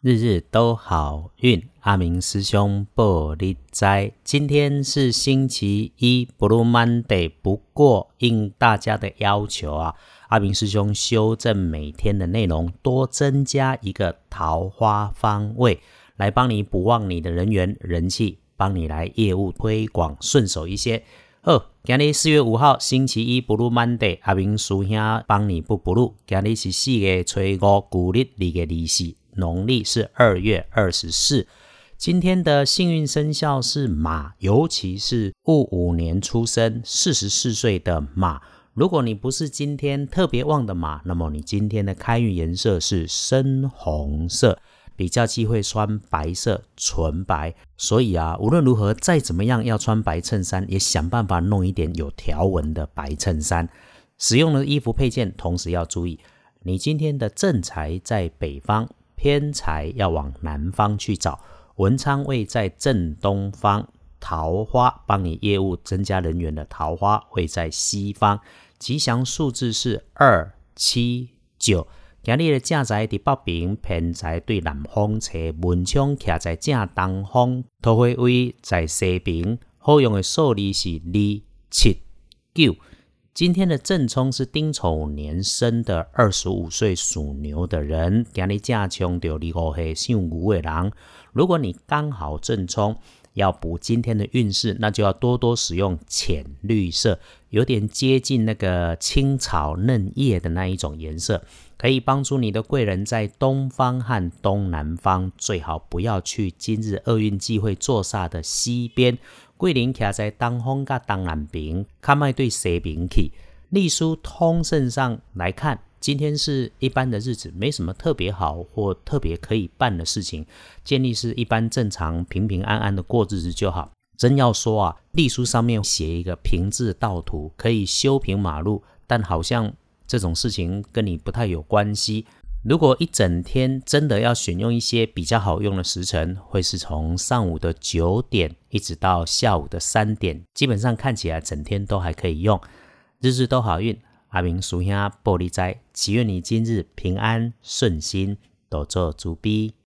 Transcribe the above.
日日都好運，阿明師兄報你知！今天是星期一 Blue Monday，不過應大家的要求啊，阿明師兄修正每天的內容，多增加一個桃花方位，來幫你補旺你的人員人氣，幫你來業務推廣順手一些。哦，今天四月五號星期一 Blue Monday。阿明師兄幫你不 Blue。今日是四月初五，古曆二月二十四。農曆是二月二十四，今天的幸運生肖是馬，尤其是戊午年出生四十四歲的馬。如果你不是今天特別旺的馬，那麼你今天的開運顏色是深紅色，比較忌諱穿白色、純白。所以啊，無論如何再怎麼樣要穿白襯衫，也想辦法弄一點有條紋的白襯衫。使用的衣服配件，同時要注意，你今天的正財在北方。偏財要往南方去找，文昌位在正東方，桃花幫你業務增加人員的桃花會在西方，吉祥數字是二七九。今日的正財的北邊，偏財對南方找文昌，卡在正東方，桃花位在西邊，好用的數字是二七九。今天的正沖是丁丑年生的二十五歲屬牛的人，今日正沖着你個係屬牛的郎，如果你剛好正沖，要補今天的運勢，那就要多多使用淺綠色，有點接近那個青草嫩葉的那一種顏色，可以幫助你的貴人在東方和東南方。最好不要去今日厄運聚會坐煞的西邊。桂林卡在當風甲當南邊，較賣對生病去。曆書通勝上來看，今天是一般的日子，沒什麼特別好或特別可以辦的事情。建議是一般正常平平安安的過日子就好。真要說啊，曆書上面寫一個平字道塗，可以修平馬路，但好像這種事情跟你不太有關係。如果一整天真的要選用一些比較好用的時辰，會是從上午的九點一直到下午的三點，基本上看起來整天都還可以用。日日都好運，阿明師兄報你知，祈願你今日平安順心，多做足畢。